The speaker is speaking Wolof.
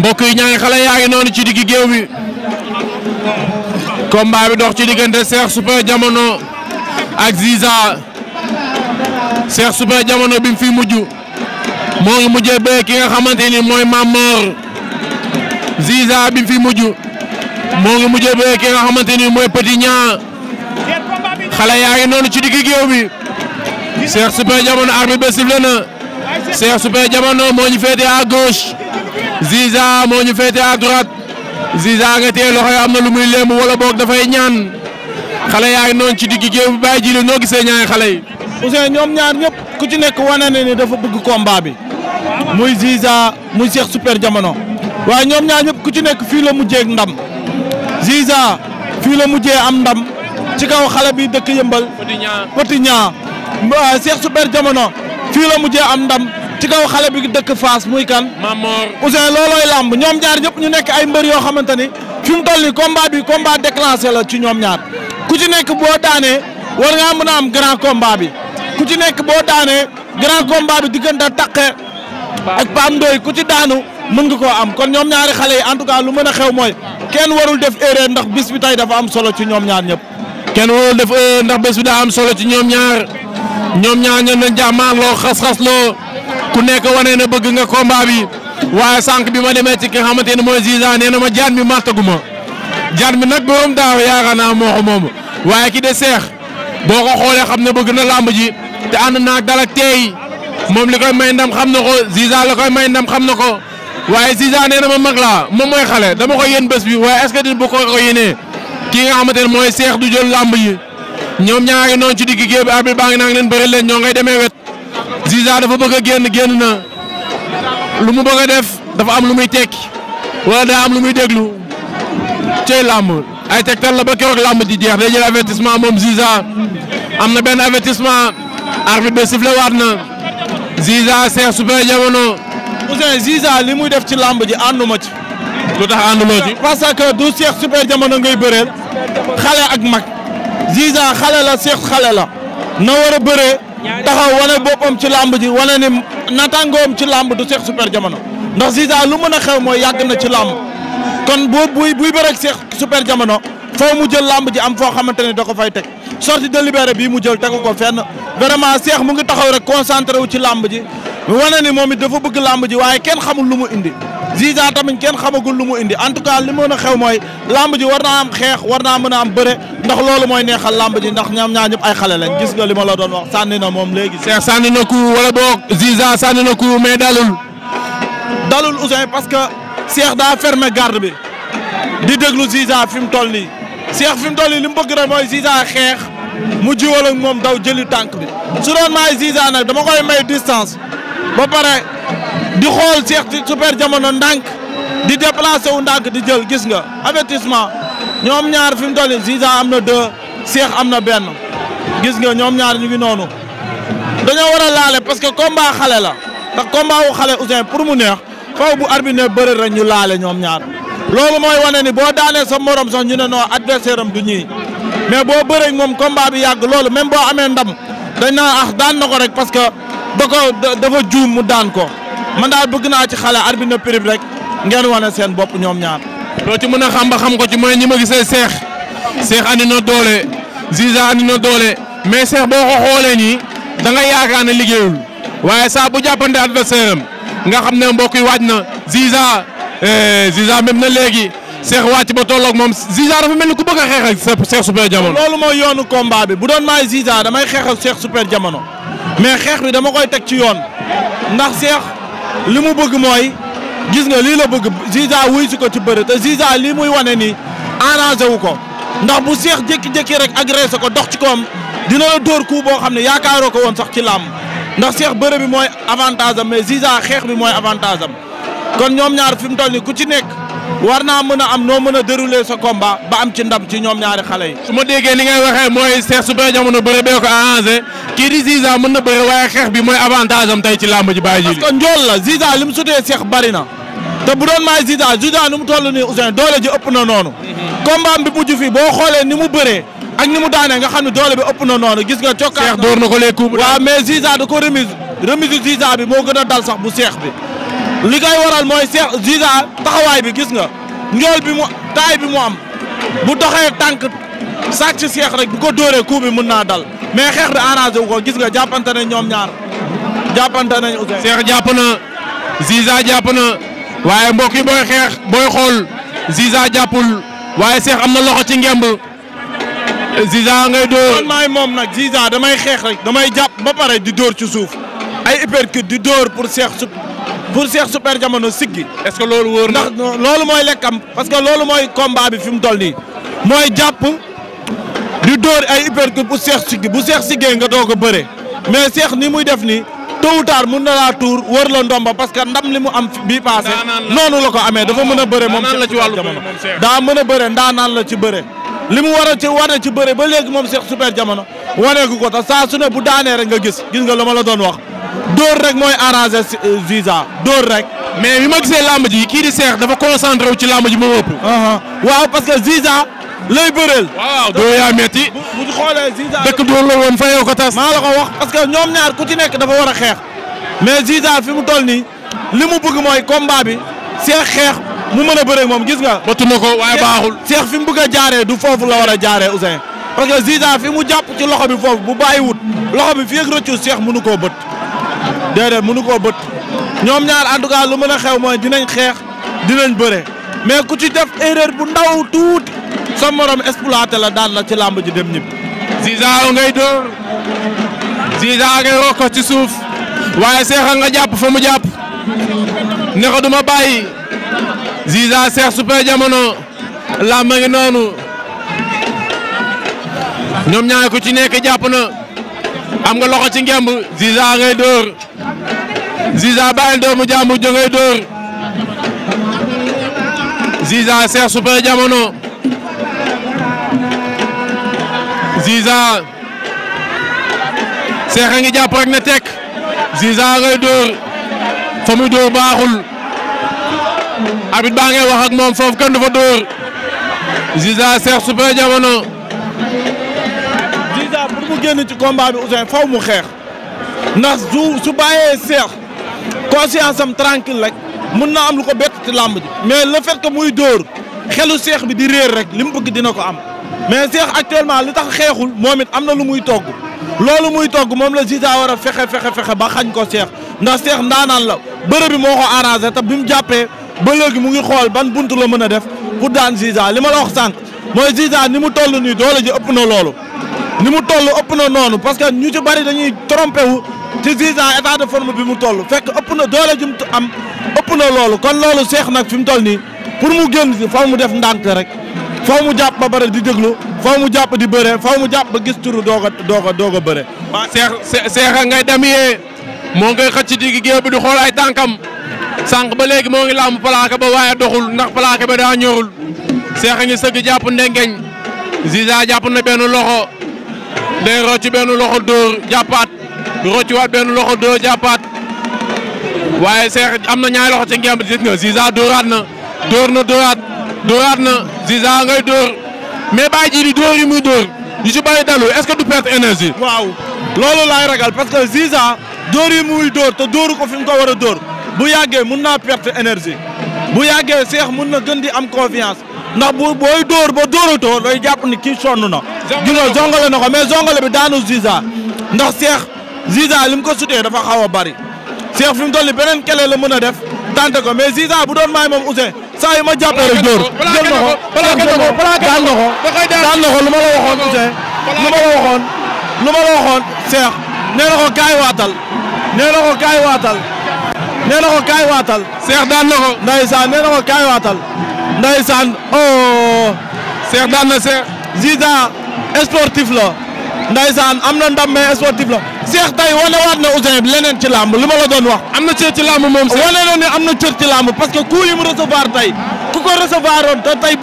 mbokk yi ñaari xale yaa ngi noonu ci diggi géew bi combat bi dox ci diggante Cheikh Super Diamono ak Ziza Cheikh Super Diamono bi mu fi mujj moo ngi mujjee bee ki nga xamante mooy Mamor Ziza bi mu fi mujj moo ngi mujjee bee ki nga xamante ni mooy Petit Ñaa xale yaa ngi noonu ci diggi géew bi Cheikh Super Diamono arbitre bi sifflé na Cheikh Super Diamono moo ñu féetee à gauche. Ziza moo ñu féete à droite Ziza nga tee loxo am na lu muy léem wala boog dafay ñaan xale yaa ngi noonu ci digg géew bi bàyyi ji la noo gisee ñaari xale yi. Ousseyn ñoom ñaar ñëpp ku ci nekk wane na ni dafa bëgg combat bi muy Ziza muy Cheikh Super Jamono waaye ñoom ñaar ñëpp ku ci nekk fii la mujjee ak ndam Ziza fii la mujjee am ndam ci kaw xale bi dëkk yëmbal. Petit Niang Petit Niang Cheikh Super Jamono fii la mujjee am ndam. ci kaw xale bi dëkk Fass muy kan. Mamor Ousseyn loolooy làmb ñoom ñaar ñëpp ñu nekk ay mbër yoo xamante ni fi mu bi komba déclenché la ci ñoom ñaar ku ci nekk boo daanee war ngaa mën a am grand combat bi ku ci nekk boo daanee grand combat bi diggante Takké ak Pape Ndoye ku ci daanu mën nga koo am kon ñoom ñaari xale yi en tout cas lu mën a xew mooy kenn warul def erreur ndax bis bi tey dafa am solo ci ñoom ñaar ñëpp. kenn warul def ndax bés am solo ci ñoom ñaar ñoom ñaar ñoom ñoo jàmmaarloo xas-xas ku nekk wane na bëgg nga combat bi waaye sànq bi ma demee ci ki xamante ne mooy Ziza nee na ma jaan mi màttaguma jaan mi nag borom daaw yaakaar moo ko moom waaye kii de seex boo ko xoolee xam ne bëgg na làmb ji te ànd naag dal ak teey moom li koy may ndam xam na ko Ziza la koy may ndam xam na ko waaye Ziza nee na ma mag laa moom mooy xale dama ko yéen bés bi waaye est-ce que dina bu ko ko yéenee kii nga xamante ne mooy seex du jël làmb yi ñoom ñaari noonu ci digg géew bi arbitre baa bëri leen ñoo ngay demee wet. Ziza dafa bëgg a génn génn na lu mu bëgg a def dafa am lu muy tekki wala daa am lu muy déglu cey làmb ay tegtal la ba keroog làmb di jeex day jël avertissement moom Ziza am na benn avertissement arbitre bi sifflé waat na Ziza Cheikh Super Diamono. Ousseyn Ziza li muy def ci làmb ji ànduma ci. lu tax ànduloo ci. parce que du Cheikh Super Diamono ngay bëreel xale ak mag Ziza xale la Cheikh xale la na war a bëree. taxaw wane boppam ci làmb ji wane ni natangoom ci làmb du Cheikh Super Jamono ndax Ziza lu mën a xew mooy yàgg na ci làmb kon boo buy buy bëreeg Cheikh Super Jamono foo mu jël làmb ji am foo xamante ne da ko fay teg sortie délibérée bii mu jël tegu ko fenn vraiment Cheikh mu ngi taxaw rek concentré wu ci làmb ji mu wane ni moom it dafa bëgg làmb ji waaye kenn xamul lu mu indi Ziza tamit kenn xamagul lu mu indi en tout cas li mën a xew mooy làmb ji war naa am xeex war naa mën a am bëre ndax loolu mooy neexal làmb ji ndax ñoom ñaar ñëpp ay xale lañ gis nga li ma la doon wax sànni na moom léegi. Cheikh sànni na ku wala boog Ziza sànni na ku mais dalul. dalul Ousseyn parce que Cheikh daa fermé garde bi di déglu Ziza fi mu toll nii Cheikh fi mu toll nii li mu bëgg rek mooy Ziza xeex mu jiwal ak moom daw jëli tànk bi su doon maay Ziza dama koy may distance. ba pare di xool Cheikh Super Jamono ndànk di déplacé wu ndànk di jël gis nga avertissement ñoom ñaar fi mu toll nii Ziza am na deux Cheikh am na benn gis nga ñoom ñaar ñu ngi noonu dañoo war a laale parce que combat xale la ndax combat wu xale Ouzin pour mu neex faw bu arbitre bëre rek ñu laale ñoom ñaar loolu mooy wane ni boo daanee sa morom sax ñu ne noo adversaire am du ñii mais boo bëree moom combat bi yàgg loolu même boo amee ndam dañ naa ax ah, daan na rek que. da ko dafa juum mu daan ko man daal bëgg naa ci xale arbitre prix rek ngeen wane seen bopp ñoom ñaar. doo ci mën a xam ba xam ko ci mooy ñi ma gisee seex seex andi na doole Ziza andi na doole mais seex boo ko xoolee nii da nga yaakaar ne liggéeyul waaye saa bu jàppante adversaire am nga xam ne mbokk yi waaj na Ziza eh, Ziza même na léegi. Cheikh wàcc ba tolloog moom Ziza dafa mel ni ku bëgg a xeex ak Cheikh Super Jamono. loolu mooy yoonu combat bi bu doon maay Ziza damay xeex ak Cheikh Super Jamono mais xeex bi dama koy teg ci yoon ndax Cheikh li mu bëgg mooy gis nga lii la bëgg Ziza wuy si ko ci bëri te Ziza lii muy wane nii arrangé wu ko ndax bu Cheikh jékki-jékki rek agressé ko dox ci koom dina la dóor coup boo xam ne yaakaaroo ko woon sax ci làmb ndax Cheikh bëre bi mooy avantage am mais Ziza xeex bi mooy avantage am ñoom ñaar fi mu ci nekk. war naa mën a am noo mën a dérouler sa combat ba am ci ndam ci ñoom ñaari xale yi. su ma déggee ni ngay waxee mooy Cheikh Super Diamono bëre bee ko arrangé kii di mën na bëre waaye xeex bi mooy avantage am tey ci làmb ji bàyyi ji. parce que njool la Ziza li mu sutee Cheikh bari na te bu doon maay Ziza Ziza nu mu toll nii Ousseyn doole ji ëpp na noonu. combat bi mujj fii boo xoolee ni mu bëree. ak ni mu daanee nga xam ne doole bi ëpp na noonu gis nga. cokkaat Cheikh ko les coups. waaw mais Ziza gën a dal sax bu Cheikh bi li koy waral mooy Cheikh Ziza taxawaay bi gis nga njool bi mu taay bi mu am bu doxee tànk sàcc Cheikh rek bu ko dóoree coup bi mën naa dal mais xeex bi arrangé wu ko gis nga jàppante nañ ñoom ñaar jàppante nañ Ousseyn. Cheikh jàpp na Ziza jàpp na waaye mbokk yi booy xeex booy xool Ziza jàppul waaye Cheikh am na loxo ci ngemb Ziza ngay dóor. maay moom nag Ziza damay xeex rek damay jàpp ba pare di dóor ci suuf ay uppercut di dóor pour Cheikh su. pour Cheikh Super Jamono siggi est-ce que loolu wóor na ndax loolu mooy lekkam parce que loolu mooy combat bi fi mu toll nii mooy jàpp di dóor ay uppercut bu Cheikh siggi bu Cheikh siggee nga doog a bëre mais Cheikh ni muy def nii tôt ou mun na laa tuur wër la ndomba parce que ndam li mu am bii passé noonu la ko amee dafa mën a bëre moom Cheikh Super Jamono daa mën a bëre ndaanaan la ci bëre li mu war a ci wane ci bëre ba léegi moom Cheikh Super Jamono waneeku ko te saa su bu daanee rek nga gis nga la ma la doon wax dóor rek mooy arrangé visa euh, dóor rek. mais bi ma gisee làmb yi kii di seex dafa concentré wu ci làmb ji moom ëpp. Uh-huh. waaw parce que visa lay bëreel. waaw doo yaa metti bu bu dëkk dóor la woon fayoo ko tas. maa la wax parce ñoom ñaar ku ci nekk dafa war a xeex. mais visa fi mu tol nii li mu bëgg mooy combat bi seex xeex mu mën a moom gis nga. bëtt na ko waaye baaxul. seex fi mu bëgg jaaree du foofu la war a jaaree Ousseyn. parce que visa fi mu jàpp ci loxo bi foofu bu bàyyiwut loxo bi fii ak rëccu seex mënu koo bët. déedéet mënu koo bët ñoom ñaar en tout cas lu mën a xew mooy dinañ xeex dinañ bëre mais ku ci def erreur bu ndaw tuuti sa morom exploité la daan la ci làmb ji dem ñibbi. Ziza ngay dóor Ziza ngay wax ci suuf waaye seexal nga jàpp fa mu jàpp ne ko du ma bàyyi Ziza Seex Super Jamono làmb ngi noonu ñoom ñaar ku ci nekk jàpp na. am nga loxo ci ngemb Ziza ngay dóor Ziza bàyyil doomu jàmbur jo ngay dóor Ziza Cheikh Super Diamono Ziza Cheikh a ngi jàpp rek ne tek Ziza ngay dóor fa muy dóor baaxul abit baa ngay wax ak moom foofu kenn du fa dóor Ziza Cheikh Super Diamono génn ci combat bi Ousseyn faw mu xeex ndax su su bàyyee seex conscience am tranquille rek mun na am lu ko bett ci làmb ji mais la fait ko muy dóor xelu seex bi di réer rek li mu bëgg dina ko am mais seex actuellement li tax xeexul moom it am na lu muy togg loolu muy togg moom la Ziza war a fexe fexe fexe ba xañ ko seex ndax seex ndaanaan la bërëb bi moo ko arrangé te bi mu jàppee ba léegi mu ngi xool ban buntu la mën a def pour daan Ziza li ma la wax sànq mooy Ziza ni mu toll nii doole ji ëpp na loolu ni mu toll ëpp na noonu parce que ñu ci bari dañuy trompé wu ci Ziza état de forme bi mu tollu fekk ëpp na doole ju mu am ëpp na loolu kon loolu seex nag fi mu toll nii pour mu génn si faw mu def ndànk rek faw mu jàpp ba bare di déglu faw mu jàpp di bëre faw mu jàpp ba gis turu doog a doog doog a bëre. waa seex seexa ngay demee moo ngay xëcc digg géew bi di xool ay tànkam sànq ba léegi moo ngi làmb plaqué ba waaye doxul ndax plaqué ba daa ñorul seexa ngi sëgg jàpp ndengeñ Ziza jàpp na benn loxo. day rocci benn loxo dóor jàppaat rocci waat benn loxo dóor jàppaat waaye Cheikh am na ñaari loxo ci ngemb gis nga Ziza dóoraat na dóor na dóoraat dóoraat na Ziza ngay dóor mais bàyyi ji di dóor yi muy dóor ñu si bàyyi dalu est-ce que du perte énergie. waaw loolu laay ragal parce que Ziza dóor yi muy dóor te dóoru ko fi mu ko war a dóor bu yàggee mun naa perte énergie bu yàggee Cheikh mun na gën di am confiance. ndax bu booy dóor ba dóoratoo looy jàpp ni kii sonn na. jongale jongale na ko mais jongale bi daanu Ziza. ndax Cheikh Ziza li mu ko sutee dafa xaw a bari. Cheikh fi mu toll nii beneen kele la mën a def. tante ko mais Ziza bu doon maay moom Ousseyn saa ma jàppee rek dóor. jël na na ko daan na daan na ko lu ma la waxoon Ousseyn. lu ma la waxoon lu ma la waxoon Cheikh. nee na ko kaay waatal. nee na ko kaay waatal. nee daan na ko. ndeysaan nee na ko waatal. ndeysaan oh Cheikh daan na Cheikh Ziza sportif la ndeysaan am na ndam mais sportif la Cheikh tey wane waat na Ouzin leneen ci làmb li ma la doon wax am na cër ci làmb moom Cheikh wane na ne am na cër ci làmb parce que ku yi ku ko recevoir oon te tey